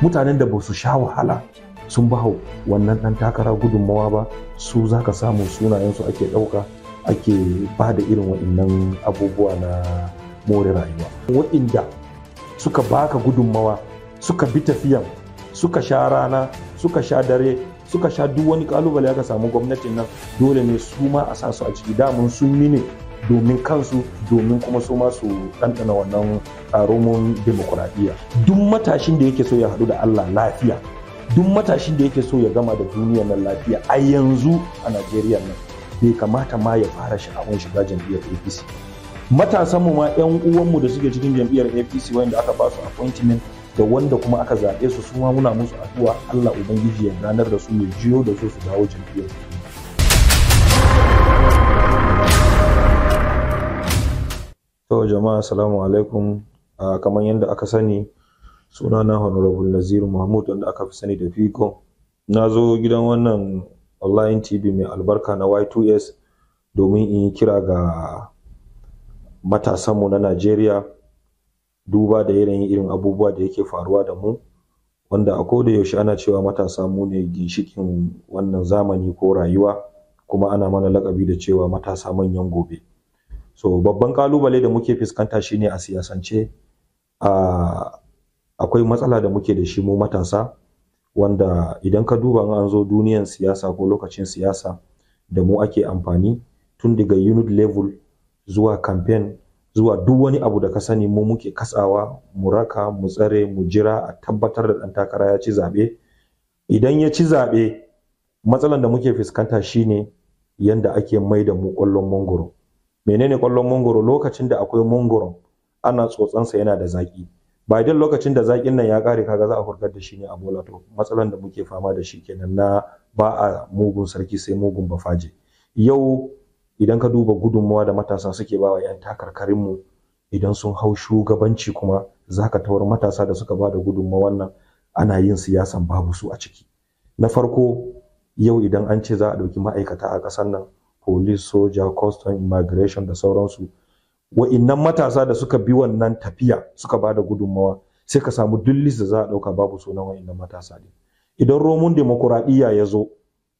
mutanen da ba su sha wahala sun ba wannan ɗan takara gudunmawa ba su za ka samu sunayensu ake ɗauka ake ba da irin waɗannan abubuwa na more rayuwa waɗanda suka baka gudunmawa suka bi tafiyan suka sha rana suka sha dare suka sha duk wani kalubale aka samu gwamnatin nan dole ne su ma a sa su a ciki damun sun ne domin kansu domin kuma su ma su ɗanɗana wannan romon demokuraɗiyya duk matashin da yake so ya haɗu da Allah lafiya duk matashin da yake so ya gama da duniya na lafiya a yanzu a Najeriya nan bai kamata ma ya fara sha'awun shiga jam'iyyar APC matasan mu ma yan uwanmu da suke cikin jam'iyyar APC wanda aka ba su appointment da wanda kuma aka zaɓe su su ma muna musu addu'a Allah ubangiji ya ranar da su ya jiyo da su su dawo jam'iyyar To jama'a assalamu alaikum a kamar yadda aka sani sunana honorable Naziru Mahmud wanda aka fi sani da Fico. Na zo gidan wannan online TV mai albarka na Y2S domin in yi kira ga matasanmu na Najeriya duba da yanayin irin abubuwa da yake faruwa da mu wanda a koda yaushe ana cewa matasa mu ne ginshikin wannan zamani ko rayuwa kuma ana mana lakabi da cewa matasa manyan gobe. so babban kalubale da muke fuskanta shine a siyasance akwai matsala da muke da shi mu matasa wanda idan ka duba an zo duniyan siyasa ko lokacin siyasa da mu ake amfani tun daga unit level zuwa campaign zuwa duk wani abu da ka sani mu muke katsawa mu raka mu tsare mu jira a tabbatar da ɗan takara ya ci zaɓe idan ya ci zaɓe matsalan da muke fuskanta shine yanda ake mai da mu kwallon mangoro menene kwallon mangoro lokacin da akwai mangoron ana tsotsan sa yana da zaki ba idan lokacin da zaƙin nan ya ƙare kaga za a hurgar da shi ne a bola to matsalan da muke fama da shi kenan na ba a mugun sarki sai mugun bafaje yau idan ka duba gudunmawa da matasa suke bawa yan takarkarin mu idan sun hau shugabanci kuma za tawar matasa da suka ba da gudunmawa wannan ana yin siyasan babu su a ciki na farko yau idan an ce za a ɗauki ma'aikata a ƙasar nan police soja custom immigration da sauransu wa'innan matasa da suka bi wannan tafiya suka ba da gudunmawa sai ka samu duk list da za a ɗauka babu sunan wa'innan matasa din idan romun demokuraɗiyya ya zo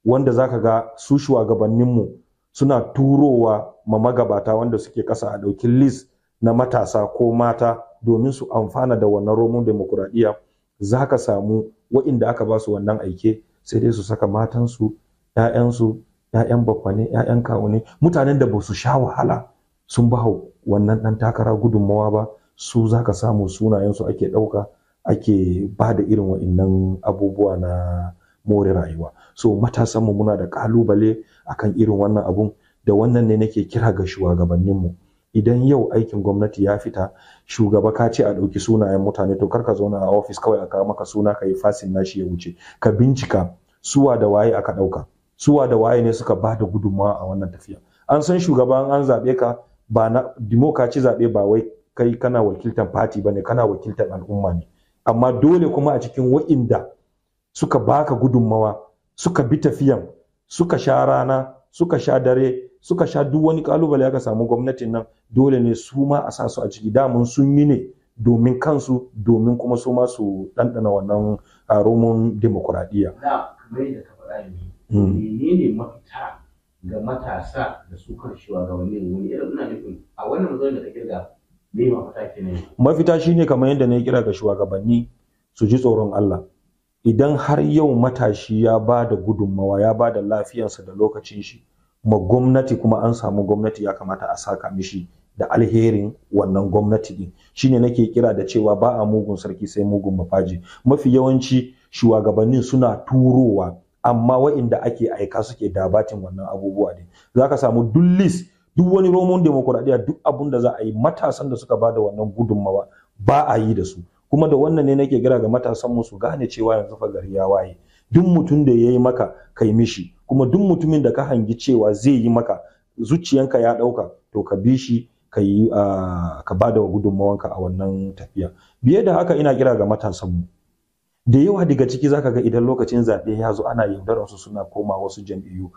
wanda zaka ga su shugabanninmu suna turowa ma magabata wanda suke ƙasa a ɗauki list na matasa ko mata domin su amfana da wannan romun demokuraɗiyya za ka samu wa'inda aka ba su wannan aike sai dai su saka matansu 'ya'yansu 'ya'yan bakwane 'ya'yan kawune mutanen da ba su sha wahala sun ba wannan ɗan takara gudunmawa ba su za ka samu sunayensu ake ɗauka ake ba da irin wa'innan abubuwa na more rayuwa so matasanmu muna da ƙalubale akan irin wannan abun da wannan ne nake kira ga shugabanninmu idan yau aikin gwamnati ya fita shugaba ka ce a ɗauki sunayen mutane to kar ka zauna a ofis kawai a kawo maka suna ka yi fasin nashi ya wuce ka bincika suwa da waye aka ɗauka suwa da waye ne suka ba gudunmawa a wannan tafiya an san shugaban an zaɓe ka ba na dimo ka zaɓe ba wai kai kana wakiltar fati ba ne kana wakiltar al'umma ne amma dole kuma a cikin wa'inda suka baka gudunmawa suka bi tafiyan suka sha rana suka sha dare suka sha duk wani kalubale aka samu gwamnatin nan dole ne su ma a sa su a ciki damun sun yi ne domin kansu domin kuma su ma su ɗanɗana wannan romon demokuraɗiyya. Da, kamar yadda ka faɗa Hmm. menene mafita ga matasa da su kan wani irin ina nufin a wannan matsalar da ka kirga me mafita kenan mafita shine kamar yadda na kira ga shugabanni su ji tsoron Allah idan har yau matashi ya ba da gudunmawa ya ba da lafiyarsa da lokacin shi ma gwamnati kuma an samu gwamnati ya kamata a saka mishi da alherin wannan gwamnati din shine nake kira da cewa ba a mugun sarki sai mugun mafaji mafi yawanci shugabannin suna turowa amma wa'inda ake aika suke dabatin wannan abubuwa ne za ka samu dullis duk wani roman demokuraɗiyya duk abun da za a yi matasan da suka bada wannan gudunmawa ba a yi da su kuma da wannan ne nake gira ga matasan mu su gane cewa yanzu fa gari ya waye duk mutum da ya yi maka kai mishi kuma duk mutumin da ka hangi cewa zai yi maka zuciyanka ya ɗauka to ka bi shi ka yi ah, ka bada gudunmawanka a wannan tafiya biye da haka ina kira ga matasan mu da yawa daga ciki zaka ga idan lokacin zaɓe ya zo ana yin su suna koma wasu jam'iyyu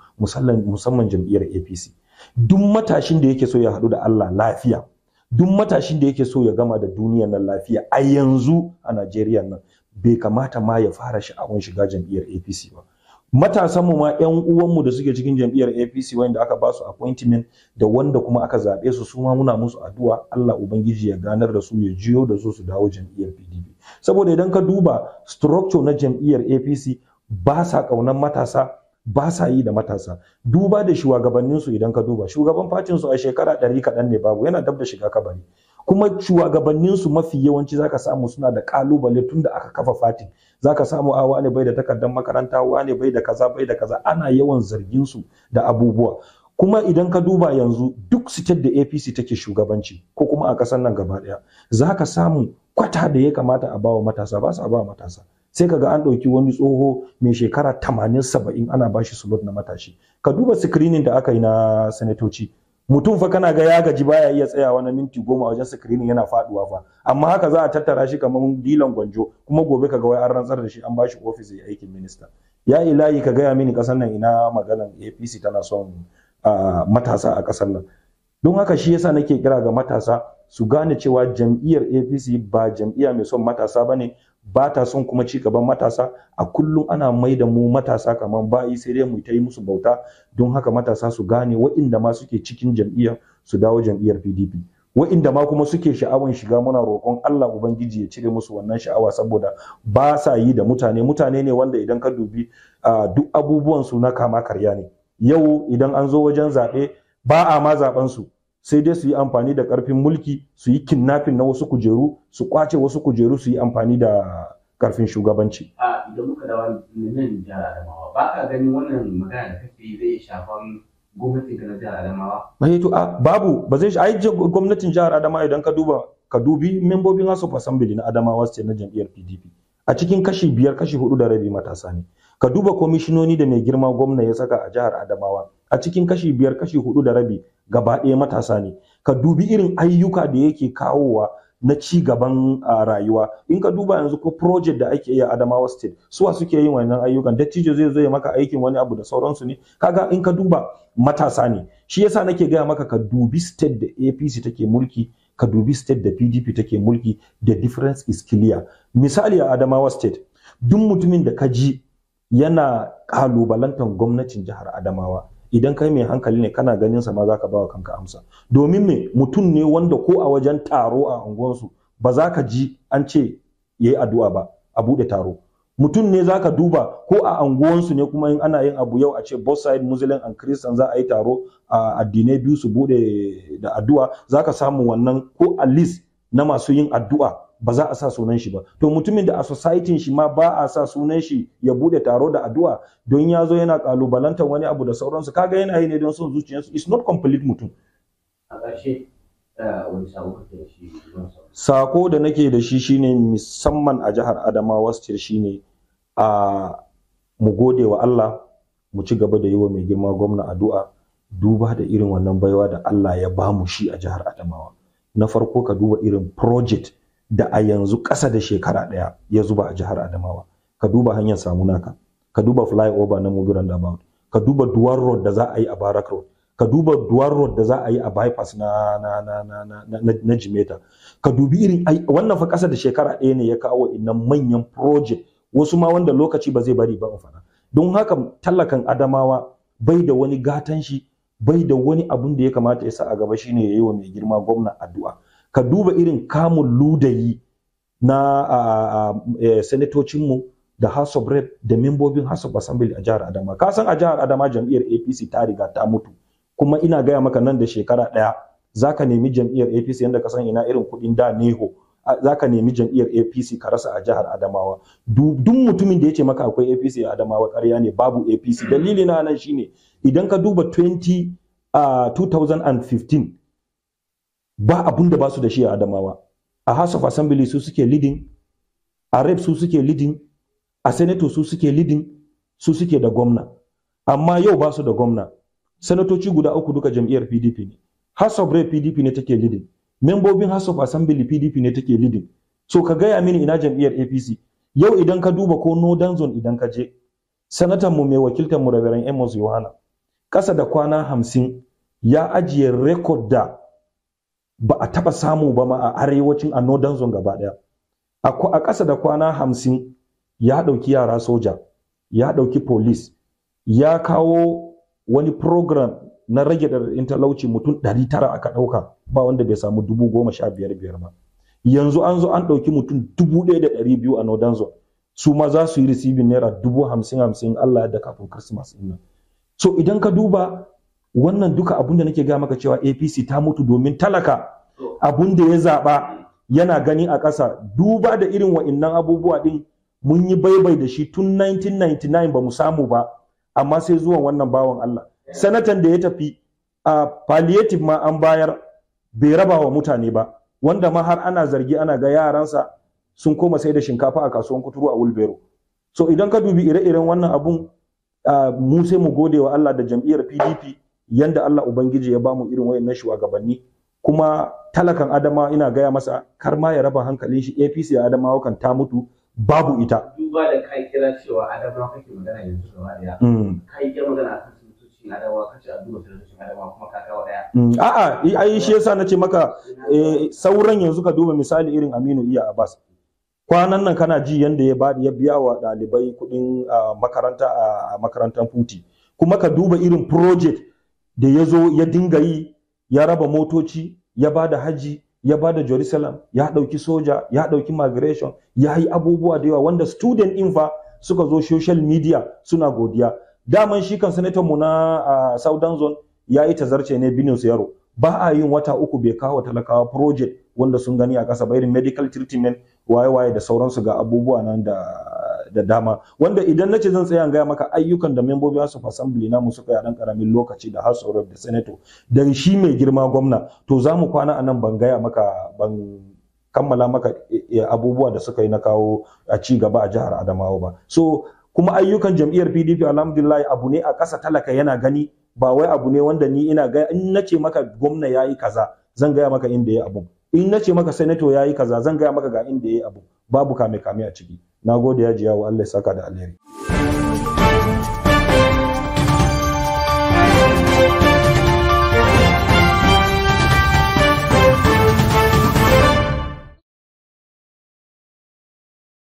musamman jam'iyyar APC duk matashin da yake so ya haɗu da Allah lafiya duk matashin da yake so ya gama da duniyar nan lafiya a yanzu a Najeriya nan bai kamata ma ya fara sha'awun shiga jam'iyyar APC ba matasan mu ma yan uwanmu da suke cikin jam'iyyar APC wanda aka ba su appointment da wanda kuma aka zaɓe su su ma muna musu addu'a Allah ubangiji ya ganar da su ya jiyo da su su dawo jam'iyyar PDP saboda idan ka duba structure na jam'iyyar APC ba sa kaunan matasa ba sa yi da matasa duba da shugabanninsu idan ka duba shugaban su a shekara ɗari kaɗan ne babu yana dab shiga kabari kuma shugabanninsu mafi yawanci zaka samu suna da kalubale tun da aka kafa fatin zaka samu a ah, wane bai da takardar makaranta wane bai da kaza bai da kaza ana yawan zargin su da abubuwa kuma idan ka duba yanzu duk state da APC take shugabanci ko kuma a kasar nan gaba daya zaka samu kwata da ya kamata a bawa matasa ba su a bawa matasa sai kaga an ɗauki wani tsoho mai shekara 80 70 ana bashi slot na matashi ka duba screening da aka yi na sanatoci mutum fa kana ga ya gaji baya iya tsayawa na minti goma wajen screening yana faduwa fa amma haka za a tattara shi kamar dilan gwanjo kuma gobe kaga wai an rantsar da shi an bashi ofis ya aikin minista ya ilahi ka gaya mini kasar nan ina maganan APC tana son ah, matasa a kasar nan don haka shi yasa nake kira ga matasa su gane cewa jam'iyyar apc ba jam'iyya mai son matasa ba ne ba ta son kuma ci gaban matasa a kullum ana mai da mu matasa kamar bayi sai dai mu ta yi musu bauta don haka matasa su gane wa'inda ma suke cikin jam'iyya su dawo jam'iyyar pdp Wa'inda ma kuma suke sha'awar shiga muna roƙon allah ubangiji ya cire musu wannan sha'awa saboda ba sa yi da mutane mutane ne wanda idan ka dubi duk abubuwansu na kama karya ne yau idan an zo wajen zaɓe ba a ma zaɓen su sai dai su yi amfani da karfin mulki su yi kidnapping na wasu kujeru su kwace wasu kujeru su yi amfani da karfin shugabanci. A idan muka dawo nan jihar Adamawa ba ka gani wannan magana da kake zai shafan gwamnatin ka jihar Adamawa? Bai eh to a babu ba zai ai gwamnatin jihar Adamawa idan ka duba ka dubi membobin House of Assembly na Adamawa State na jam'iyyar PDP a cikin kashi biyar kashi hudu da rabi matasa ne. Ka duba komishinoni da mai girma gwamna ya saka a jihar Adamawa a cikin kashi biyar kashi hudu da rabi gaba ɗaya matasa ne ka dubi irin ayyuka da yake kawowa na ci gaban rayuwa in ka duba yanzu ko project da ake yi a Adamawa State suwa suke yin wannan ayyukan dattijo zai zo ya maka aikin wani abu da sauransu ne kaga in ka duba matasa ne shi yasa nake gaya maka ka dubi state da APC take mulki ka dubi state da PDP take mulki the difference is clear misali a Adamawa State duk mutumin da ka ji yana kalubalantar gwamnatin jihar Adamawa idan kai mai hankali ne kana ganin sa ma zaka bawa kanka amsa domin me mutum ne wanda ko a wajen taro a unguwansu ba za ka ji an ce yayi addu'a ba a bude taro mutum ne zaka duba ko a anguwansu ne kuma in ana yin abu yau a ce both side muslim and christian za a yi taro a addinai biyu su bude da addu'a zaka samu wannan ko at least na masu yin addu'a ba za a sa sunan shi ba to mutumin da a society shi ma ba a sa sunan shi ya bude taro da addu'a don ya zo yana kalubalantar wani abu da sauransu kaga yana yi ne don son zuciyarsu it's not complete mutum a ƙarshe eh, sako da nake da shi shine musamman a jihar Adamawa state shine a mu gode wa Allah mu ci gaba da yi wa mai girma gwamna addu'a duba da irin wannan baiwa da Allah ya bamu shi a jihar Adamawa na farko ka duba irin project da a yanzu ƙasa da shekara ɗaya ya zuba a jihar Adamawa. Ka duba hanyar Samunaka, ka duba flyover na Mobi Roundabout, ka duba Duwar Road da za a yi a Barak Road, ka duba Duwar Road da za a yi a bypass na na na Jimeta. Ka dubi irin wannan fa ƙasa da shekara ɗaya ne ya kawo innan manyan project wasu ma wanda lokaci ba zai bari ba in fara. Don haka tallakan Adamawa bai da wani gatan shi bai da wani abun da ya kamata ya sa a gaba shi ne ya yi wa mai girma gwamna addu'a. ka duba irin kamun ludayi na eh, senatocinmu da House of Rep da membobin House of Assembly a jihar Adama. Ka san a jihar Adama jam'iyyar APC ta riga ta mutu. Kuma ina gaya maka nan da shekara ɗaya za ka nemi jam'iyyar APC yadda ka san ina irin kuɗin da neho. Za ka nemi jam'iyyar APC ka rasa a jihar Adamawa. Duk mutumin da ya ce maka akwai APC a Adamawa karya ne babu APC. Dalili na nan shine idan ka duba 20, uh, 2015 ba abun da ba su da shi a adamawa a house of assembly su suke leading a rep su suke leading a senator su suke leading su suke da gwamna amma yau ba su da gwamna Senatoci guda uku duka jam'iyyar pdp ne house of rep pdp ne take leading membobin house of assembly pdp ne take leading so ka gaya mini ina jam'iyyar apc yau idan ka duba ko no zone idan ka je sanatan mu mai wakiltar mu reverend amos yohana Kasa da kwana hamsin ya ajiye rekod da ba a taba samu ba ma a arewacin a northern zone gaba daya a ƙasa da kwana hamsin ya ɗauki yara soja ya ɗauki police ya kawo wani program na rage da talauci mutum ɗari aka ɗauka ba wanda bai samu dubu goma sha biyar biyar ba yanzu an zo an ɗauki mutum dubu ɗaya da ɗari biyu a northern zone su ma za su yi receiving naira dubu hamsin hamsin Allah ya da kafin Christmas ɗin so idan ka duba wannan duka abin da nake ga maka cewa APC ta mutu domin talaka abun da ya zaɓa yana gani a ƙasa duba da irin wa'innan abubuwa ɗin mun yi baibai da shi tun 1999 ba mu samu ba amma sai zuwan wannan bawan Allah sanatan da ya tafi a palliative ma an bayar bai raba wa mutane ba wanda ma har ana zargi ana ga yaransa sun koma sai da shinkafa a kasuwan kuturu a wulbero so idan ka dubi ire-iren wannan abun mu sai mu gode wa Allah da jam'iyyar PDP yadda Allah Ubangiji ya mu irin wayannan shugabanni kuma talakan adama ina gaya masa kar ma ya raba hankalin shi apc a adamawa kan ta mutu babu ita duba da kai kira cewa adamawa kake magana yanzu wariya mm. kai kira magana kan asibitocin adamawa kace duba asibitocin adamawa kuma ka kawo daya mm. a'a ai shi yasa nace maka eh, sauran yanzu ka duba misali irin Aminu Iya Abbas kwanan nan kana ji yanda ya bada ya biya wa dalibai kuɗin makaranta a makarantar futi kuma ka duba irin project da ya zo ya dinga yi ya raba motoci ya ba da haji ya ba da jerusalem ya ɗauki soja ya ɗauki migration ya yi abubuwa da yawa wanda student in fa suka zo social media suna godiya daman shi kan senator mu na uh, southern zone ya yi tazarce ne su yaro ba a yin wata uku bai kawo talakawa project wanda sun gani a kasa, bayan medical treatment waye-waye da sauransu ga abubuwa nan da da dama wanda idan nace zan tsaya gaya maka ayyukan da membobi House of Assembly namu suka yi a dan karamin lokaci da House of da Senator da shi mai girma gwamna to za mu kwana a nan ban gaya maka ban kammala maka eh, eh, abubuwa da suka yi na kawo a ci gaba a jihar Adamawa ba so kuma ayyukan jam'iyyar PDP alhamdulillah abu ne a ƙasa talaka yana gani ba wai abu ne wanda ni ina ga in nace maka gwamna yayi kaza zan gaya maka inda ya abu in nace maka senator yayi kaza zan gaya maka ga inda ya abu babu kame kame a ciki na gode ya yawo Allah ya saka da alheri